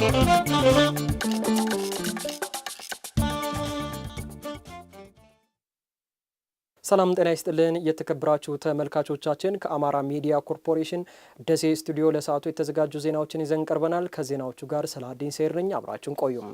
ሰላም ጤና ይስጥልን። የተከበራችሁ ተመልካቾቻችን ከአማራ ሚዲያ ኮርፖሬሽን ደሴ ስቱዲዮ ለሰዓቱ የተዘጋጁ ዜናዎችን ይዘን ቀርበናል። ከዜናዎቹ ጋር ሰላዲን ሰይር ነኝ። አብራችን ቆዩም።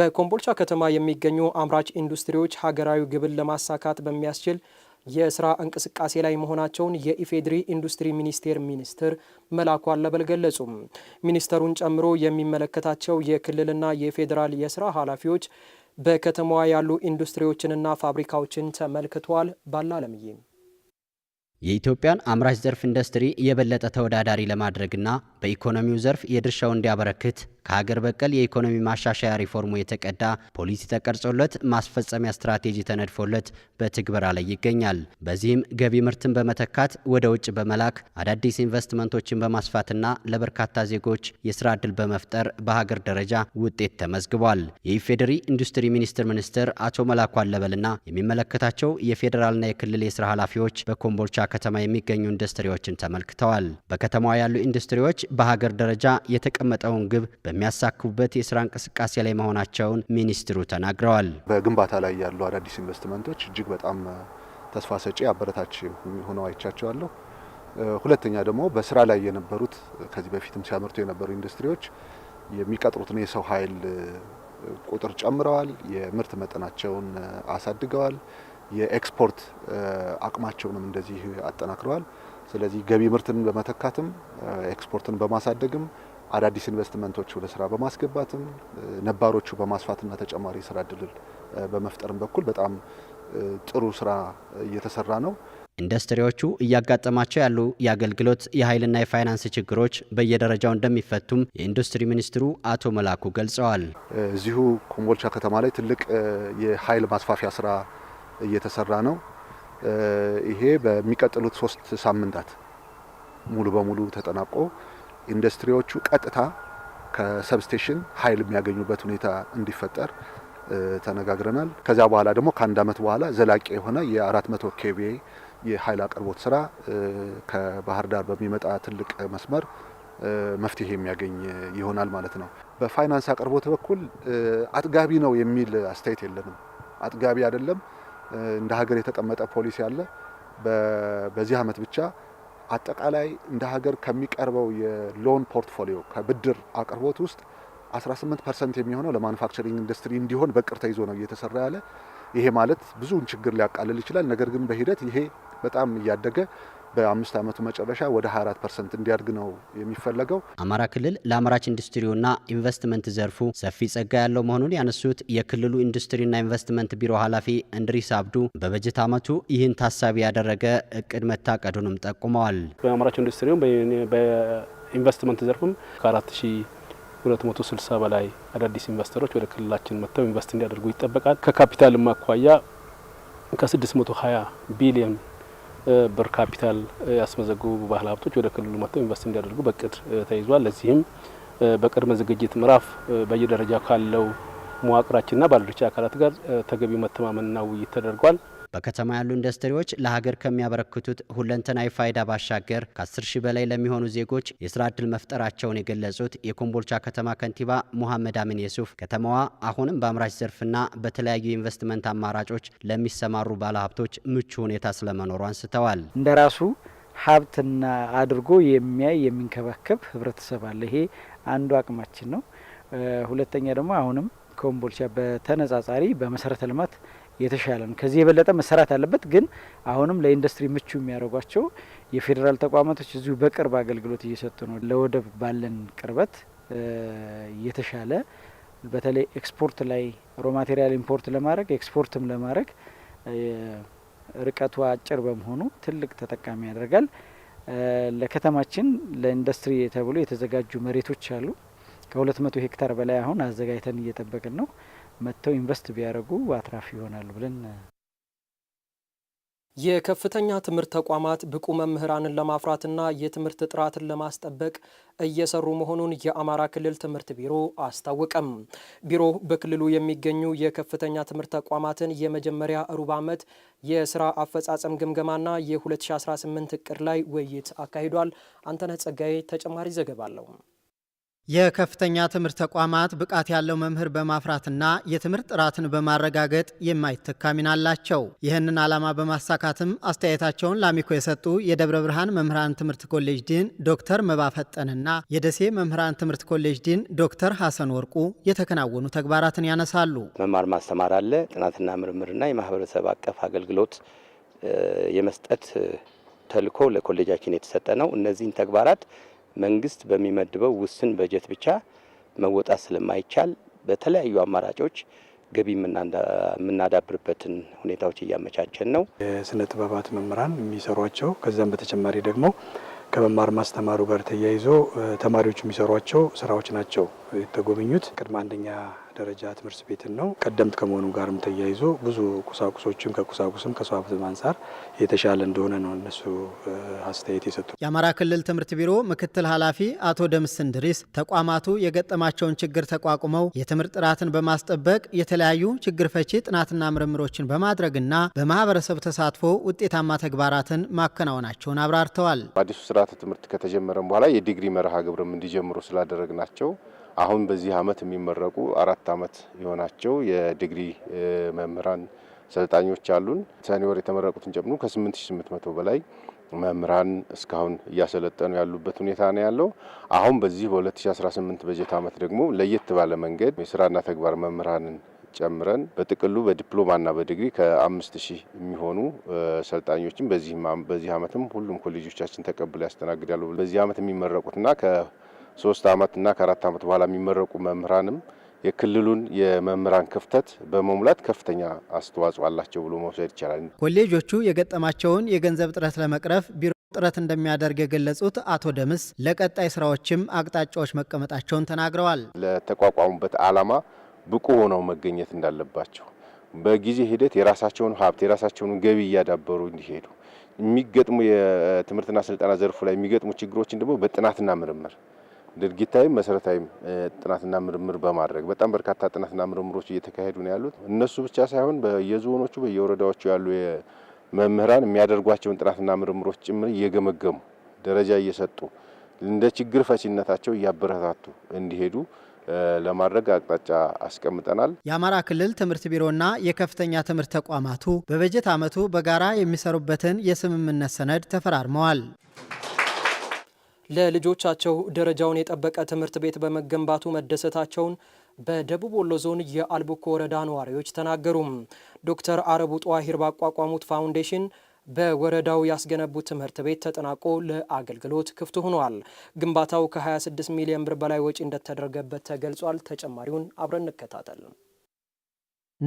በኮምቦልቻ ከተማ የሚገኙ አምራች ኢንዱስትሪዎች ሀገራዊ ግብን ለማሳካት በሚያስችል የስራ እንቅስቃሴ ላይ መሆናቸውን የኢፌድሪ ኢንዱስትሪ ሚኒስቴር ሚኒስትር መላኩ አለበል ገለጹም። ሚኒስተሩን ጨምሮ የሚመለከታቸው የክልልና የፌዴራል የስራ ኃላፊዎች በከተማዋ ያሉ ኢንዱስትሪዎችንና ፋብሪካዎችን ተመልክተዋል። ባላለምዬ የኢትዮጵያን አምራች ዘርፍ ኢንዱስትሪ የበለጠ ተወዳዳሪ ለማድረግና በኢኮኖሚው ዘርፍ የድርሻው እንዲያበረክት ከሀገር በቀል የኢኮኖሚ ማሻሻያ ሪፎርሙ የተቀዳ ፖሊሲ ተቀርጾለት ማስፈጸሚያ ስትራቴጂ ተነድፎለት በትግበራ ላይ ይገኛል። በዚህም ገቢ ምርትን በመተካት ወደ ውጭ በመላክ አዳዲስ ኢንቨስትመንቶችን በማስፋትና ለበርካታ ዜጎች የስራ ዕድል በመፍጠር በሀገር ደረጃ ውጤት ተመዝግቧል። የኢፌዴሪ ኢንዱስትሪ ሚኒስቴር ሚኒስትር አቶ መላኩ አለበልና የሚመለከታቸው የፌዴራልና የክልል የስራ ኃላፊዎች በኮምቦልቻ ከተማ የሚገኙ ኢንዱስትሪዎችን ተመልክተዋል። በከተማዋ ያሉ ኢንዱስትሪዎች በሀገር ደረጃ የተቀመጠውን ግብ በሚ የሚያሳክቡበት የስራ እንቅስቃሴ ላይ መሆናቸውን ሚኒስትሩ ተናግረዋል። በግንባታ ላይ ያሉ አዳዲስ ኢንቨስትመንቶች እጅግ በጣም ተስፋ ሰጪ አበረታች ሆነው አይቻቸዋለሁ። ሁለተኛ ደግሞ በስራ ላይ የነበሩት ከዚህ በፊትም ሲያመርቱ የነበሩ ኢንዱስትሪዎች የሚቀጥሩትን የሰው ኃይል ቁጥር ጨምረዋል። የምርት መጠናቸውን አሳድገዋል። የኤክስፖርት አቅማቸውንም እንደዚህ አጠናክረዋል። ስለዚህ ገቢ ምርትን በመተካትም ኤክስፖርትን በማሳደግም አዳዲስ ኢንቨስትመንቶች ወደ ስራ በማስገባትም ነባሮቹ በማስፋትና ተጨማሪ ስራ እድል በመፍጠርም በኩል በጣም ጥሩ ስራ እየተሰራ ነው። ኢንዱስትሪዎቹ እያጋጠማቸው ያሉ የአገልግሎት የኃይልና የፋይናንስ ችግሮች በየደረጃው እንደሚፈቱም የኢንዱስትሪ ሚኒስትሩ አቶ መላኩ ገልጸዋል። እዚሁ ኮምቦልቻ ከተማ ላይ ትልቅ የኃይል ማስፋፊያ ስራ እየተሰራ ነው። ይሄ በሚቀጥሉት ሶስት ሳምንታት ሙሉ በሙሉ ተጠናቆ ኢንዱስትሪዎቹ ቀጥታ ከሰብስቴሽን ኃይል የሚያገኙበት ሁኔታ እንዲፈጠር ተነጋግረናል። ከዚያ በኋላ ደግሞ ከአንድ ዓመት በኋላ ዘላቂ የሆነ የ400 ኬቪኤ የኃይል አቅርቦት ስራ ከባህር ዳር በሚመጣ ትልቅ መስመር መፍትሄ የሚያገኝ ይሆናል ማለት ነው። በፋይናንስ አቅርቦት በኩል አጥጋቢ ነው የሚል አስተያየት የለንም። አጥጋቢ አይደለም፣ እንደ ሀገር የተቀመጠ ፖሊሲ አለ። በዚህ አመት ብቻ አጠቃላይ እንደ ሀገር ከሚቀርበው የሎን ፖርትፎሊዮ ከብድር አቅርቦት ውስጥ 18 ፐርሰንት የሚሆነው ለማኑፋክቸሪንግ ኢንዱስትሪ እንዲሆን በቅር ተይዞ ነው እየተሰራ ያለ። ይሄ ማለት ብዙውን ችግር ሊያቃልል ይችላል። ነገር ግን በሂደት ይሄ በጣም እያደገ በአምስት ዓመቱ መጨረሻ ወደ 24 ፐርሰንት እንዲያድግ ነው የሚፈለገው። አማራ ክልል ለአምራች ኢንዱስትሪውና ኢንቨስትመንት ዘርፉ ሰፊ ጸጋ ያለው መሆኑን ያነሱት የክልሉ ኢንዱስትሪና ኢንቨስትመንት ቢሮ ኃላፊ እንድሪስ አብዱ በበጀት ዓመቱ ይህን ታሳቢ ያደረገ እቅድ መታቀዱንም ጠቁመዋል። በአምራች ኢንዱስትሪውም በኢንቨስትመንት ዘርፉም ከ 4 260 በላይ አዳዲስ ኢንቨስተሮች ወደ ክልላችን መጥተው ኢንቨስት እንዲያደርጉ ይጠበቃል። ከካፒታልም አኳያ ከ620 ቢሊዮን ብር ካፒታል ያስመዘገቡ ባለ ሀብቶች ወደ ክልሉ መጥተው ኢንቨስት እንዲያደርጉ በቅድ ተይዟል። ለዚህም በቅድመ ዝግጅት ምዕራፍ በየደረጃ ካለው መዋቅራችንና ባለድርሻ አካላት ጋር ተገቢው መተማመንና ውይይት ተደርጓል። በከተማ ያሉ ኢንዱስትሪዎች ለሀገር ከሚያበረክቱት ሁለንተናዊ ፋይዳ ባሻገር ከ10 ሺህ በላይ ለሚሆኑ ዜጎች የስራ ዕድል መፍጠራቸውን የገለጹት የኮምቦልቻ ከተማ ከንቲባ ሙሐመድ አሚን የሱፍ ከተማዋ አሁንም በአምራች ዘርፍና በተለያዩ የኢንቨስትመንት አማራጮች ለሚሰማሩ ባለሀብቶች ምቹ ሁኔታ ስለመኖሩ አንስተዋል። እንደ ራሱ ሀብትና አድርጎ የሚያይ የሚንከባከብ ህብረተሰብ አለ። ይሄ አንዱ አቅማችን ነው። ሁለተኛ ደግሞ አሁንም ኮምቦልቻ በተነጻጻሪ በመሰረተ ልማት የተሻለ ነው። ከዚህ የበለጠ መሰራት አለበት። ግን አሁንም ለኢንዱስትሪ ምቹ የሚያደርጓቸው የፌዴራል ተቋማቶች እዚሁ በቅርብ አገልግሎት እየሰጡ ነው። ለወደብ ባለን ቅርበት የተሻለ በተለይ ኤክስፖርት ላይ ሮ ማቴሪያል ኢምፖርት ለማድረግ ኤክስፖርትም ለማድረግ ርቀቱ አጭር በመሆኑ ትልቅ ተጠቃሚ ያደርጋል። ለከተማችን ለኢንዱስትሪ ተብሎ የተዘጋጁ መሬቶች አሉ። ከሁለት መቶ ሄክታር በላይ አሁን አዘጋጅተን እየጠበቅን ነው። መጥተው ኢንቨስት ቢያደርጉ አትራፊ ይሆናሉ ብለን የከፍተኛ ትምህርት ተቋማት ብቁ መምህራንን ለማፍራትና የትምህርት ጥራትን ለማስጠበቅ እየሰሩ መሆኑን የአማራ ክልል ትምህርት ቢሮ አስታወቀም። ቢሮ በክልሉ የሚገኙ የከፍተኛ ትምህርት ተቋማትን የመጀመሪያ ሩብ ዓመት የስራ አፈጻጸም ግምገማና የ2018 እቅድ ላይ ውይይት አካሂዷል። አንተነህ ጸጋዬ ተጨማሪ ዘገባ አለው። የከፍተኛ ትምህርት ተቋማት ብቃት ያለው መምህር በማፍራትና የትምህርት ጥራትን በማረጋገጥ የማይተካ ሚና አላቸው። ይህንን ዓላማ በማሳካትም አስተያየታቸውን ላሚኮ የሰጡ የደብረ ብርሃን መምህራን ትምህርት ኮሌጅ ዲን ዶክተር መባፈጠንና የደሴ መምህራን ትምህርት ኮሌጅ ዲን ዶክተር ሀሰን ወርቁ የተከናወኑ ተግባራትን ያነሳሉ። መማር ማስተማር አለ፣ ጥናትና ምርምርና የማህበረሰብ አቀፍ አገልግሎት የመስጠት ተልዕኮ ለኮሌጃችን የተሰጠ ነው። እነዚህን ተግባራት መንግስት በሚመድበው ውስን በጀት ብቻ መወጣት ስለማይቻል በተለያዩ አማራጮች ገቢ የምናዳብርበትን ሁኔታዎች እያመቻቸን ነው። የስነ ጥበባት መምህራን የሚሰሯቸው ከዚያም በተጨማሪ ደግሞ ከመማር ማስተማሩ ጋር ተያይዞ ተማሪዎች የሚሰሯቸው ስራዎች ናቸው የተጎበኙት ቅድመ አንደኛ ደረጃ ትምህርት ቤትን ነው። ቀደምት ከመሆኑ ጋርም ተያይዞ ብዙ ቁሳቁሶችም ከቁሳቁስም ከሰዋብትም አንጻር የተሻለ እንደሆነ ነው እነሱ አስተያየት የሰጡ። የአማራ ክልል ትምህርት ቢሮ ምክትል ኃላፊ አቶ ደምስ እንድሪስ ተቋማቱ የገጠማቸውን ችግር ተቋቁመው የትምህርት ጥራትን በማስጠበቅ የተለያዩ ችግር ፈቺ ጥናትና ምርምሮችን በማድረግና በማህበረሰብ ተሳትፎ ውጤታማ ተግባራትን ማከናወናቸውን አብራርተዋል። አዲሱ ስርዓተ ትምህርት ከተጀመረም በኋላ የዲግሪ መርሃ ግብርም እንዲጀምሩ ስላደረግ ናቸው። አሁን በዚህ አመት የሚመረቁ አራት አመት የሆናቸው የዲግሪ መምህራን ሰልጣኞች አሉን። ሰኔ የተመረቁትን ጨምሮ ከ8800 በላይ መምህራን እስካሁን እያሰለጠኑ ያሉበት ሁኔታ ነው ያለው። አሁን በዚህ በ2018 በጀት አመት ደግሞ ለየት ባለ መንገድ የስራና ተግባር መምህራንን ጨምረን በጥቅሉ በዲፕሎማና በዲግሪ ከአምስት ሺህ የሚሆኑ ሰልጣኞችን በዚህ አመትም ሁሉም ኮሌጆቻችን ተቀብለው ያስተናግዳሉ። በዚህ አመት የሚመረቁትና ሶስት አመትና ከአራት አመት በኋላ የሚመረቁ መምህራንም የክልሉን የመምህራን ክፍተት በመሙላት ከፍተኛ አስተዋጽኦ አላቸው ብሎ መውሰድ ይቻላል። ኮሌጆቹ የገጠማቸውን የገንዘብ እጥረት ለመቅረፍ ቢሮ ጥረት እንደሚያደርግ የገለጹት አቶ ደምስ ለቀጣይ ስራዎችም አቅጣጫዎች መቀመጣቸውን ተናግረዋል። ለተቋቋሙበት አላማ ብቁ ሆነው መገኘት እንዳለባቸው በጊዜ ሂደት የራሳቸውን ሀብት የራሳቸውን ገቢ እያዳበሩ እንዲሄዱ የሚገጥሙ የትምህርትና ስልጠና ዘርፉ ላይ የሚገጥሙ ችግሮችን ደግሞ በጥናትና ምርምር ድርጊታዊም መሰረታዊም ጥናትና ምርምር በማድረግ በጣም በርካታ ጥናትና ምርምሮች እየተካሄዱ ነው ያሉት። እነሱ ብቻ ሳይሆን በየዞኖቹ በየወረዳዎቹ ያሉ መምህራን የሚያደርጓቸውን ጥናትና ምርምሮች ጭምር እየገመገሙ ደረጃ እየሰጡ እንደ ችግር ፈቺነታቸው እያበረታቱ እንዲሄዱ ለማድረግ አቅጣጫ አስቀምጠናል። የአማራ ክልል ትምህርት ቢሮና የከፍተኛ ትምህርት ተቋማቱ በበጀት ዓመቱ በጋራ የሚሰሩበትን የስምምነት ሰነድ ተፈራርመዋል። ለልጆቻቸው ደረጃውን የጠበቀ ትምህርት ቤት በመገንባቱ መደሰታቸውን በደቡብ ወሎ ዞን የአልቡኮ ወረዳ ነዋሪዎች ተናገሩም። ዶክተር አረቡ ጠዋሂር ባቋቋሙት ፋውንዴሽን በወረዳው ያስገነቡት ትምህርት ቤት ተጠናቆ ለአገልግሎት ክፍት ሆኗል። ግንባታው ከ26 ሚሊዮን ብር በላይ ወጪ እንደተደረገበት ተገልጿል። ተጨማሪውን አብረን እንከታተል።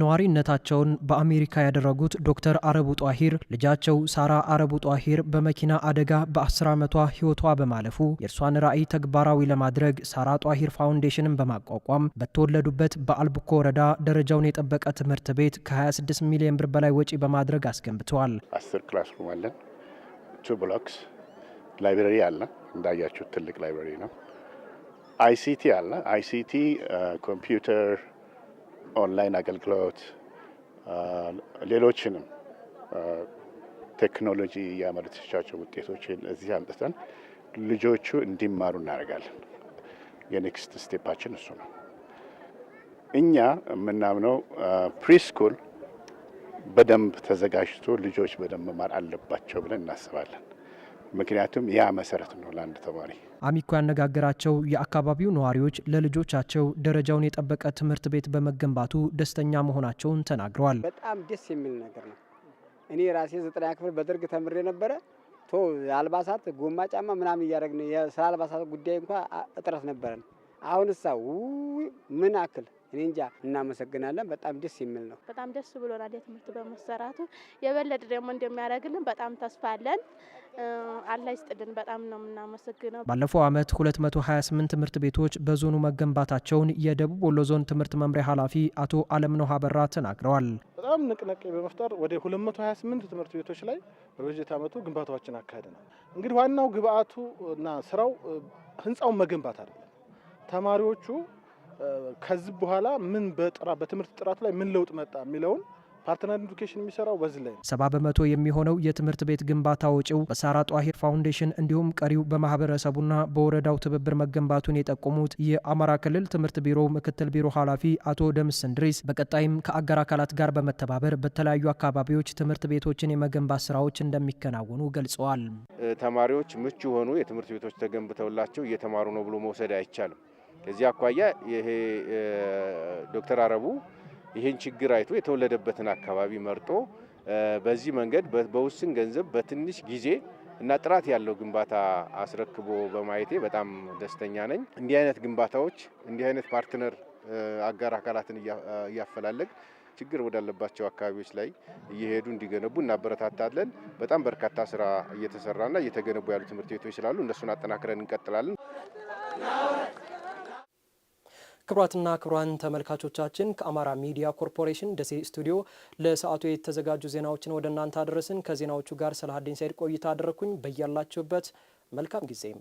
ነዋሪነታቸውን በአሜሪካ ያደረጉት ዶክተር አረቡ ጧሂር ልጃቸው ሳራ አረቡ ጧሂር በመኪና አደጋ በ10 ዓመቷ ህይወቷ በማለፉ የእርሷን ራዕይ ተግባራዊ ለማድረግ ሳራ ጧሂር ፋውንዴሽንን በማቋቋም በተወለዱበት በአልብኮ ወረዳ ደረጃውን የጠበቀ ትምህርት ቤት ከ26 ሚሊዮን ብር በላይ ወጪ በማድረግ አስገንብተዋል። አስር ክላስሩም አለን፣ ቱ ብሎክስ ላይብረሪ አለ። እንዳያችሁ ትልቅ ላይብረሪ ነው። አይሲቲ አለ። አይሲቲ ኮምፒውተር ኦንላይን አገልግሎት፣ ሌሎችንም ቴክኖሎጂ ያመረተቻቸው ውጤቶችን እዚህ አምጥተን ልጆቹ እንዲማሩ እናደርጋለን። የኔክስት ስቴፓችን እሱ ነው። እኛ የምናምነው ፕሪስኩል በደንብ ተዘጋጅቶ ልጆች በደንብ መማር አለባቸው ብለን እናስባለን። ምክንያቱም ያ መሰረት ነው ለአንድ ተማሪ። አሚኮ ያነጋገራቸው የአካባቢው ነዋሪዎች ለልጆቻቸው ደረጃውን የጠበቀ ትምህርት ቤት በመገንባቱ ደስተኛ መሆናቸውን ተናግረዋል። በጣም ደስ የሚል ነገር ነው። እኔ ራሴ ዘጠና ክፍል በደርግ ተምሬ ነበረ። ቶ አልባሳት ጎማ ጫማ ምናምን እያደረግን ስለ አልባሳት ጉዳይ እንኳ እጥረት ነበረን። አሁን እሳ ምን አክል እኔ እንጃ። እናመሰግናለን። በጣም ደስ የሚል ነው። በጣም ደስ ብሎናል የትምህርት በመሰራቱ የበለጠ ደግሞ እንደሚያደርግልን በጣም ተስፋ አለን። አላህ ይስጥልን። በጣም ነው የምናመሰግነው። ባለፈው ዓመት 228 ትምህርት ቤቶች በዞኑ መገንባታቸውን የደቡብ ወሎ ዞን ትምህርት መምሪያ ኃላፊ አቶ አለምነው በራ ተናግረዋል። በጣም ንቅናቄ በመፍጠር ወደ 228 ትምህርት ቤቶች ላይ በበጀት ዓመቱ ግንባታዎችን አካሂደናል። እንግዲህ ዋናው ግብአቱ እና ስራው ህንፃውን መገንባት አይደለም ተማሪዎቹ ከዚህ በኋላ ምን በጥራ በትምህርት ጥራት ላይ ምን ለውጥ መጣ የሚለውን ፓርትነር ኤዱኬሽን የሚሰራው በዚህ ላይ ሰባ በመቶ የሚሆነው የትምህርት ቤት ግንባታ ወጪው በሳራ ጧሂር ፋውንዴሽን እንዲሁም ቀሪው በማህበረሰቡና በወረዳው ትብብር መገንባቱን የጠቆሙት የአማራ ክልል ትምህርት ቢሮ ምክትል ቢሮ ኃላፊ አቶ ደምስ እንድሪስ በቀጣይም ከአገር አካላት ጋር በመተባበር በተለያዩ አካባቢዎች ትምህርት ቤቶችን የመገንባት ስራዎች እንደሚከናወኑ ገልጸዋል። ተማሪዎች ምቹ የሆኑ የትምህርት ቤቶች ተገንብተውላቸው እየተማሩ ነው ብሎ መውሰድ አይቻልም። ከዚህ አኳያ ይሄ ዶክተር አረቡ ይህን ችግር አይቶ የተወለደበትን አካባቢ መርጦ በዚህ መንገድ በውስን ገንዘብ በትንሽ ጊዜ እና ጥራት ያለው ግንባታ አስረክቦ በማየቴ በጣም ደስተኛ ነኝ። እንዲህ አይነት ግንባታዎች እንዲህ አይነት ፓርትነር አጋር አካላትን እያፈላለግ ችግር ወዳለባቸው አካባቢዎች ላይ እየሄዱ እንዲገነቡ እናበረታታለን። በጣም በርካታ ስራ እየተሰራና እየተገነቡ ያሉ ትምህርት ቤቶች ስላሉ እነሱን አጠናክረን እንቀጥላለን። ክቡራትና ክቡራን ተመልካቾቻችን ከአማራ ሚዲያ ኮርፖሬሽን ደሴ ስቱዲዮ ለሰዓቱ የተዘጋጁ ዜናዎችን ወደ እናንተ አደረስን። ከዜናዎቹ ጋር ስለ ሀዲን ሳይድ ቆይታ አደረግኩኝ። በያላችሁበት መልካም ጊዜም